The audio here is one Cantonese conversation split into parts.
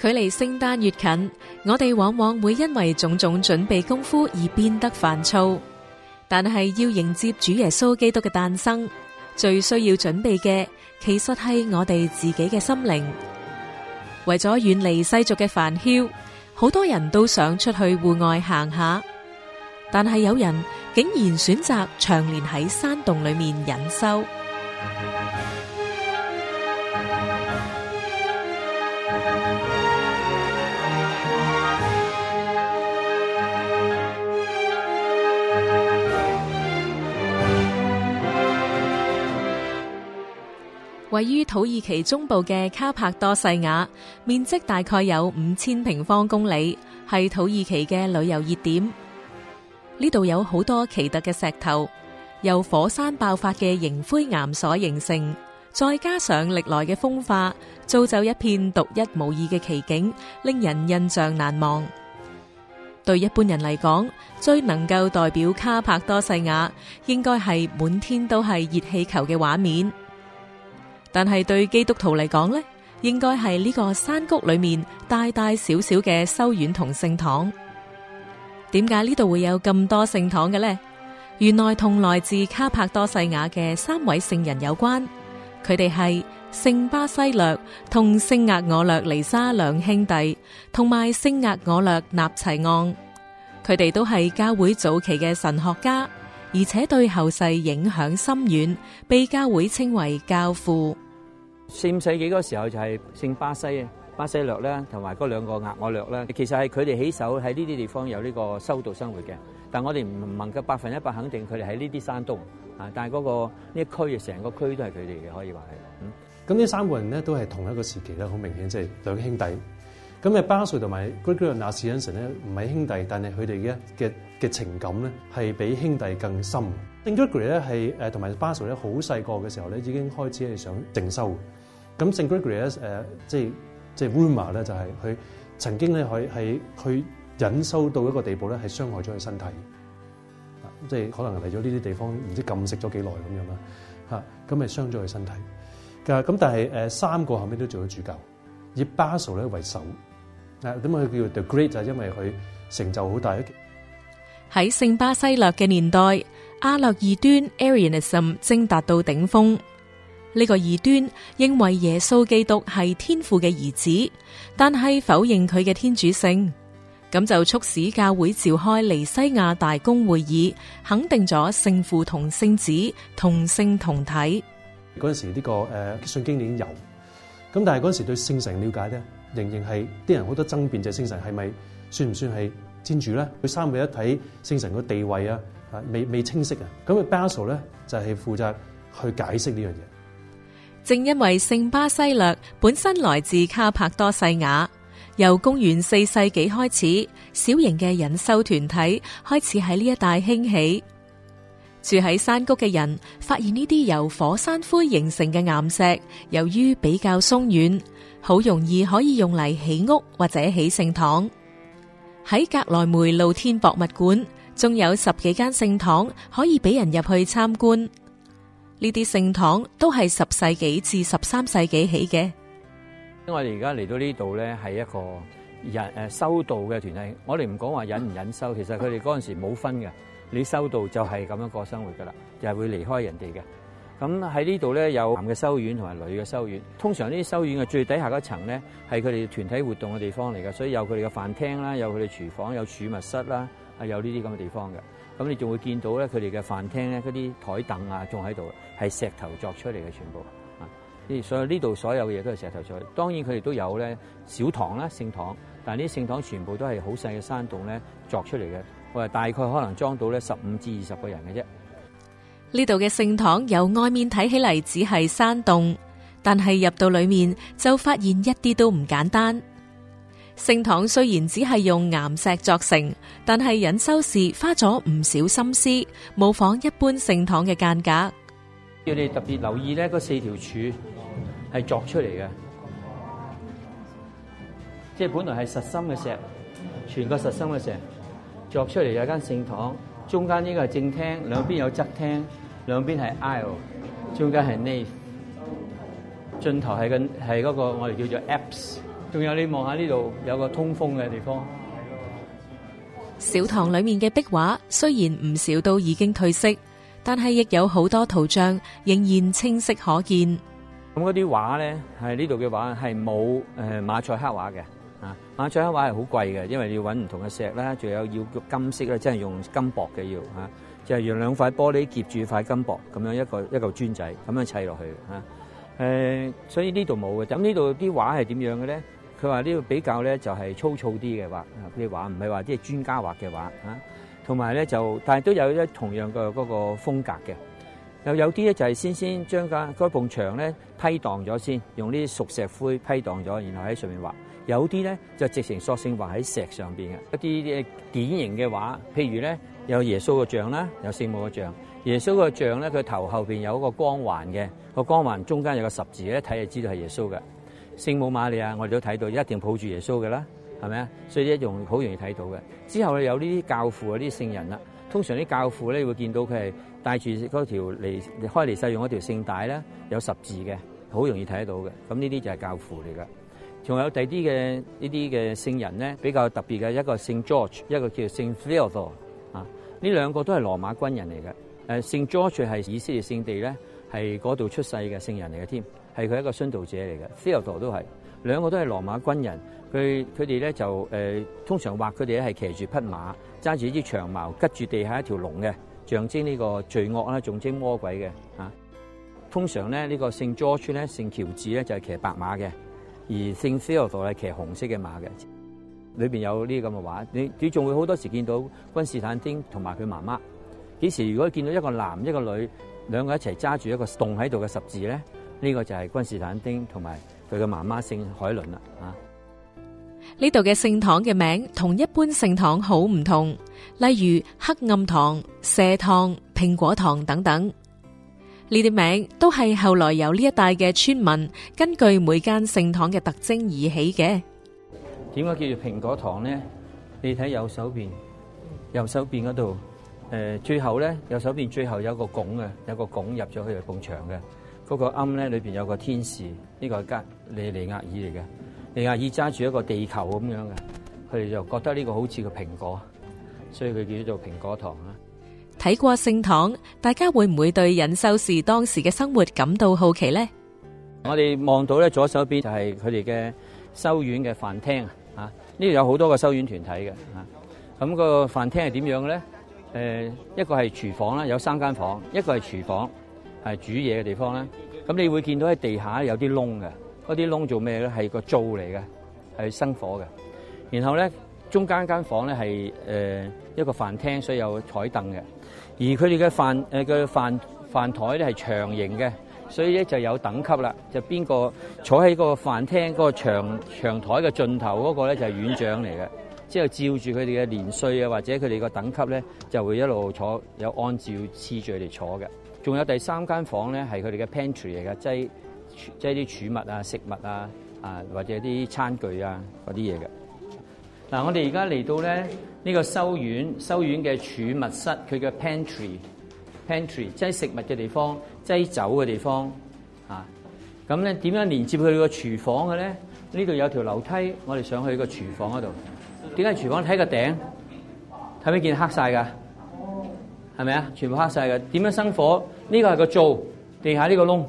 距離聖誕越近，我哋往往會因為種種準備功夫而變得煩躁。但係要迎接主耶穌基督嘅誕生，最需要準備嘅其實係我哋自己嘅心靈。為咗遠離世俗嘅煩囂，好多人都想出去戶外行下，但係有人竟然選擇長年喺山洞裏面隱修。位於土耳其中部嘅卡帕多西亞，面積大概有五千平方公里，係土耳其嘅旅遊熱點。呢度有好多奇特嘅石頭，由火山爆發嘅凝灰岩所形成，再加上歷來嘅風化，造就一片獨一無二嘅奇景，令人印象難忘。對一般人嚟講，最能夠代表卡帕多西亞，應該係滿天都係熱氣球嘅畫面。但係對基督徒嚟講呢，應該係呢個山谷裏面大大小小嘅修院同聖堂。點解呢度會有咁多聖堂嘅呢？原來同來自卡帕多西亞嘅三位聖人有關。佢哋係聖巴西略同聖額我略尼沙兩兄弟，同埋聖額我略納齊昂。佢哋都係教會早期嘅神學家。而且對後世影響深遠，被教會稱為教父。四五世紀嗰個時候就係聖巴西啊、巴西略啦，同埋嗰兩個額我略啦，其實係佢哋起手喺呢啲地方有呢個修道生活嘅。但我哋唔能夠百分一百肯定佢哋喺呢啲山度啊。但係嗰個呢區啊，成個區都係佢哋嘅，可以話係。咁呢三個人咧都係同一個時期咧，好明顯即係、就是、兩兄弟。咁嘅巴素同埋 Gregory 納士恩神咧唔係兄弟，但係佢哋嘅嘅嘅情感咧係比兄弟更深。St Gregory 咧係誒同埋巴素咧好細個嘅時候咧已經開始係想靜修。咁 St Gregory 咧誒即係即係 Roma 咧就係佢曾經咧係係佢隱修到一個地步咧係傷害咗佢身體。啊，即係可能嚟咗呢啲地方唔知禁食咗幾耐咁樣啦嚇，咁係傷咗佢身體。噶咁但係誒三個後屘都做咗主教，以巴素咧為首。咁佢叫做 the Great 就係因為佢成就好大。喺聖巴西略嘅年代，亞略異端 arianism 正達到頂峰。呢個異端認為耶穌基督係天父嘅兒子，但係否認佢嘅天主性，咁就促使教會召開尼西亞大公會議，肯定咗聖父同聖子同性同體。嗰陣時呢個誒信經已經有，咁但係嗰陣時對聖神了解咧，仍然係啲人好多爭辯，就聖神係咪算唔算係天主咧？佢三位一體聖神個地位啊，啊未未清晰啊。咁佢巴蘇咧就係負責去解釋呢樣嘢。正因為聖巴西略本身來自卡帕多西亞，由公元四世紀開始，小型嘅隱修團體開始喺呢一帶興起。住喺山谷嘅人，發現呢啲由火山灰形成嘅岩石，由於比較鬆軟，好容易可以用嚟起屋或者起聖堂。喺格萊梅露天博物館，仲有十幾間聖堂可以俾人入去參觀。呢啲聖堂都係十世紀至十三世紀起嘅，呃。因為我哋而家嚟到呢度呢係一個隱，呃，修道嘅團體。我哋唔講話隱唔隱修，其實佢哋嗰陣時冇分嘅。你修道就係咁樣過生活噶啦，就係、是、會離開人哋嘅。咁喺呢度咧有男嘅修院同埋女嘅修院。通常呢啲修院嘅最底下嗰層咧係佢哋團體活動嘅地方嚟㗎。所以有佢哋嘅飯廳啦，有佢哋廚房，有儲物室啦，有呢啲咁嘅地方嘅。咁你仲會見到咧佢哋嘅飯廳咧嗰啲台凳啊仲喺度，係石頭作出嚟嘅全部。所以呢度所有嘅嘢都係石頭出嚟。當然佢哋都有咧小堂啦、聖堂，但係呢啲聖堂全部都係好細嘅山洞咧作出嚟嘅。我哋大概可能裝到咧十五至二十個人嘅啫。呢度嘅聖堂由外面睇起嚟只係山洞，但係入到裏面就發現一啲都唔簡單。聖堂雖然只係用岩石作成，但係隱修士花咗唔少心思模仿一般聖堂嘅間隔。要你特別留意呢四條柱係作出嚟嘅，即係本來係實心嘅石，全個實心嘅石。作出嚟有間聖堂，中間呢個係正廳，兩邊有側廳，兩邊係 aisle，中間係 nave，盡頭係緊係嗰個我哋叫做 apse。仲有，你望下呢度有個通風嘅地方。小堂裏面嘅壁畫雖然唔少都已經褪色，但係亦有好多圖像仍然清晰可見。咁嗰啲畫咧，係呢度嘅畫係冇誒馬賽克畫嘅。啊！馬賽克畫係好貴嘅，因為你要揾唔同嘅石啦，仲有要金色啦，即係用金箔嘅要嚇，就係、是、用兩塊玻璃夾住塊金箔咁樣一個一嚿磚仔咁樣砌落去嚇。誒，所以呢度冇嘅。咁呢度啲畫係點樣嘅咧？佢話呢度比較咧就係粗糙啲嘅畫，啲畫唔係話啲專家畫嘅畫嚇，同埋咧就但係都有一同樣嘅嗰個風格嘅。有有啲咧就係先先將架埲牆咧批蕩咗先，用啲熟石灰批蕩咗，然後喺上面畫。有啲咧就直情索性畫喺石上邊嘅一啲嘅典型嘅畫，譬如咧有耶穌嘅像啦，有聖母嘅像。耶穌嘅像咧，佢頭後邊有一個光環嘅，個光環中間有個十字，一睇就知道係耶穌嘅。聖母瑪利亞，我哋都睇到一定抱住耶穌嘅啦，係咪啊？所以一用好容易睇到嘅。之後咧有呢啲教父啊，啲聖人啦，通常啲教父咧會見到佢係。帶住嗰條嚟開嚟使用嗰條聖帶咧，有十字嘅，好容易睇得到嘅。咁呢啲就係教父嚟嘅。仲有第啲嘅呢啲嘅聖人咧，比較特別嘅一個聖 George，一個叫聖 Theodore 啊，呢兩個都係羅馬軍人嚟嘅。誒、啊，聖 George 係以色列聖地咧，係嗰度出世嘅聖人嚟嘅添，係佢一個殉道者嚟嘅。Theodore 都係，兩個都係羅馬軍人，佢佢哋咧就、呃、通常話佢哋咧係騎住匹馬，揸住一支長矛，吉住地下一條龍嘅。象徵呢個罪惡啦，象徵魔鬼嘅嚇、啊。通常咧，呢、這個聖 George 咧，聖喬治咧就係、是、騎白馬嘅；而聖 Phil 就係騎紅色嘅馬嘅。裏邊有呢啲咁嘅畫，你你仲會好多時見到君士坦丁同埋佢媽媽。幾時如果見到一個男一個女兩個一齊揸住一個棟喺度嘅十字咧，呢、這個就係君士坦丁同埋佢嘅媽媽聖海倫啦嚇。啊。呢度嘅聖堂嘅名同一般聖堂好唔同，例如黑暗堂、蛇堂、蘋果堂等等，呢啲名都係後來由呢一帶嘅村民根據每間聖堂嘅特徵而起嘅。點解叫做蘋果堂咧？你睇右手邊，右手邊嗰度，誒，最後咧，右手邊最後有個拱呀，有個拱入咗去嚟拱牆嘅，嗰個龕咧裏邊有個天使，呢個係吉利尼亞爾嚟嘅。你阿爾揸住一個地球咁樣嘅，佢哋就覺得呢個好似個蘋果，所以佢叫做蘋果糖啦。睇過聖堂，大家會唔會對隱修士當時嘅生活感到好奇咧？我哋望到咧左手邊就係佢哋嘅修院嘅飯廳啊！嚇，呢度有好多個修院團體嘅嚇，咁個飯廳係點樣嘅咧？誒，一個係廚房啦，有三間房，一個係廚房係煮嘢嘅地方咧。咁你會見到喺地下有啲窿嘅。嗰啲窿做咩咧？係個灶嚟嘅，係生火嘅。然後咧，中間間房咧係一個飯廳，所以有枱凳嘅。而佢哋嘅飯誒嘅飯、呃、飯台咧係長形嘅，所以咧就有等級啦。就邊個坐喺個飯廳嗰個長長台嘅盡頭嗰個咧就係院長嚟嘅，之後照住佢哋嘅年歲啊，或者佢哋個等級咧，就會一路坐，有按照次序嚟坐嘅。仲有第三間房咧係佢哋嘅 pantry 嚟嘅，即係即係啲儲物啊、食物啊，啊或者啲餐具啊嗰啲嘢嘅。嗱、啊，我哋而家嚟到咧呢、這個修院，修院嘅儲物室，佢嘅 pantry，pantry，即係食物嘅地方，即係酒嘅地方。啊，咁咧點樣連接佢個廚房嘅咧？呢度有條樓梯，我哋上去個廚房嗰度。點解廚房睇個頂？睇咩？見黑晒噶，係咪啊？全部黑晒噶。點樣生火？呢、這個係個灶，地下呢個窿。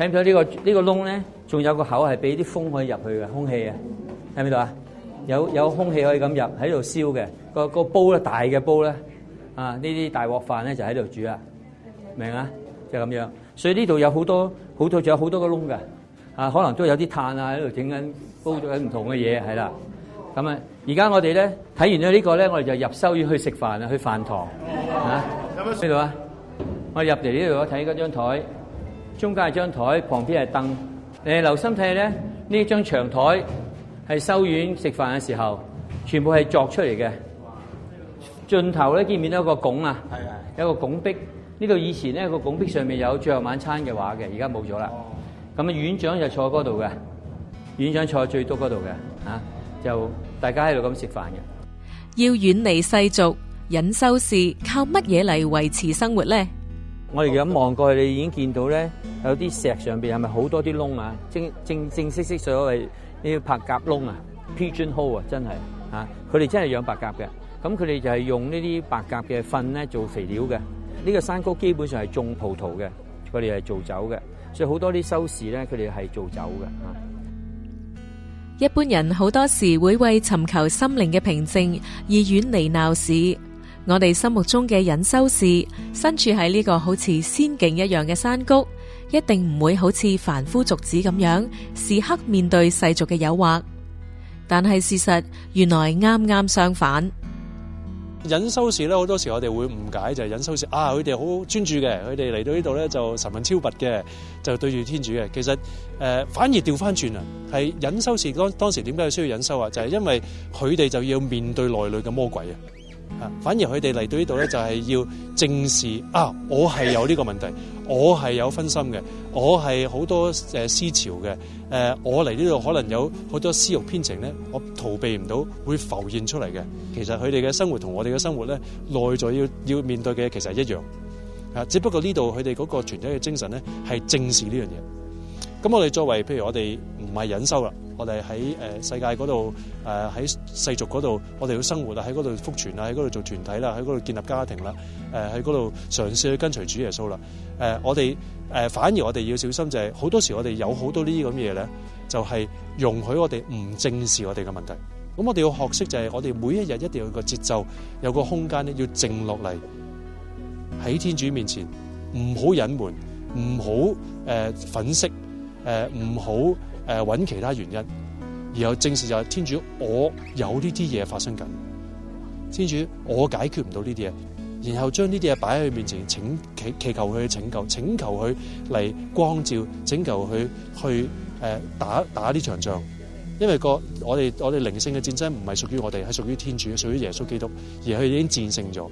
睇唔到，這個這個，呢個呢個窿咧，仲有個口係俾啲風可以入去嘅空氣啊！喺邊度啊？有有空氣可以咁入喺度燒嘅個個煲咧，大嘅煲咧啊！呢啲大鑊飯咧就喺度煮啦，明啊？就咁樣，所以呢度有好多好多仲有好多個窿嘅啊！可能都有啲碳啊喺度整緊煲咗緊唔同嘅嘢係啦。咁，嗯嗯、啊，而家我哋咧睇完咗呢個咧，我哋就入收院去食飯啊，去飯堂嚇。呢度啊，我哋入嚟呢度睇嗰張台。中間係張台，旁邊係凳。誒，留心睇咧，呢張長台係修院食飯嘅時候，全部係鑿出嚟嘅。盡頭咧，見唔見到個拱啊？係啊，有個拱壁。呢度以前咧，個拱壁上面有《最後晚餐》嘅畫嘅，而家冇咗啦。咁啊，院長就坐喺嗰度嘅，院長坐喺最多嗰度嘅，吓，就大家喺度咁食飯嘅。要遠離世俗，隱修寺靠乜嘢嚟維持生活咧？我哋咁望過去，你已經見到咧，有啲石上邊係咪好多啲窿啊？正正正式式所謂呢啲白鴿窿啊，pigeon hole 的啊，他們真係啊！佢哋真係養白鴿嘅，咁佢哋就係用呢啲白鴿嘅糞咧做肥料嘅。呢個山谷基本上係種葡萄嘅，佢哋係做酒嘅，所以好多啲收視咧，佢哋係做酒嘅啊。一般人好多時會為尋求心靈嘅平靜而遠離鬧市。我哋心目中嘅隱修士身處喺呢個好似仙境一樣嘅山谷，一定唔會好似凡夫俗子咁樣，時刻面對世俗嘅誘惑。但係事實原來啱啱相反。隱修士咧，好多時我哋會誤解就係隱修士啊，佢哋好專注嘅，佢哋嚟到呢度咧就神魂超拔嘅，就對住天主嘅。其實誒，反而調翻轉啊，係隱修士當當時點解需要隱修啊？就係因為佢哋就要面對內裏嘅魔鬼啊。啊！反而佢哋嚟到呢度咧，就係要正視啊！我係有呢個問題，我係有分心嘅，我係好多誒思潮嘅，誒、呃、我嚟呢度可能有好多私欲偏情咧，我逃避唔到，會浮現出嚟嘅。其實佢哋嘅生活同我哋嘅生活咧，內在要要面對嘅其實係一樣，啊！只不過呢度佢哋嗰個團體嘅精神咧，係正視呢樣嘢。咁我哋作為譬如我哋。唔係隱修啦，我哋喺誒世界嗰度誒喺世俗嗰度，我哋要生活啦，喺嗰度福傳啦，喺嗰度做團體啦，喺嗰度建立家庭啦，誒喺嗰度嘗試去跟隨主耶穌啦。誒、呃，我哋誒、呃、反而我哋要小心就係、是、好多時候我哋有好多東西呢啲咁嘅嘢咧，就係、是、容許我哋唔正視我哋嘅問題。咁我哋要學識就係、是、我哋每一日一定要有一個節奏，有個空間咧，要靜落嚟喺天主面前，唔好隱瞞，唔好誒粉飾，誒唔好。誒，揾其他原因，然後正視就係、是、天主，我有呢啲嘢發生緊，天主我解決唔到呢啲嘢，然後將呢啲嘢擺喺佢面前，請祈祈求佢去拯救，請求佢嚟光照，請求佢去誒、呃、打打呢場仗，因為個我哋我哋靈性嘅戰爭唔係屬於我哋，係屬於天主，屬於耶穌基督，而佢已經戰勝咗。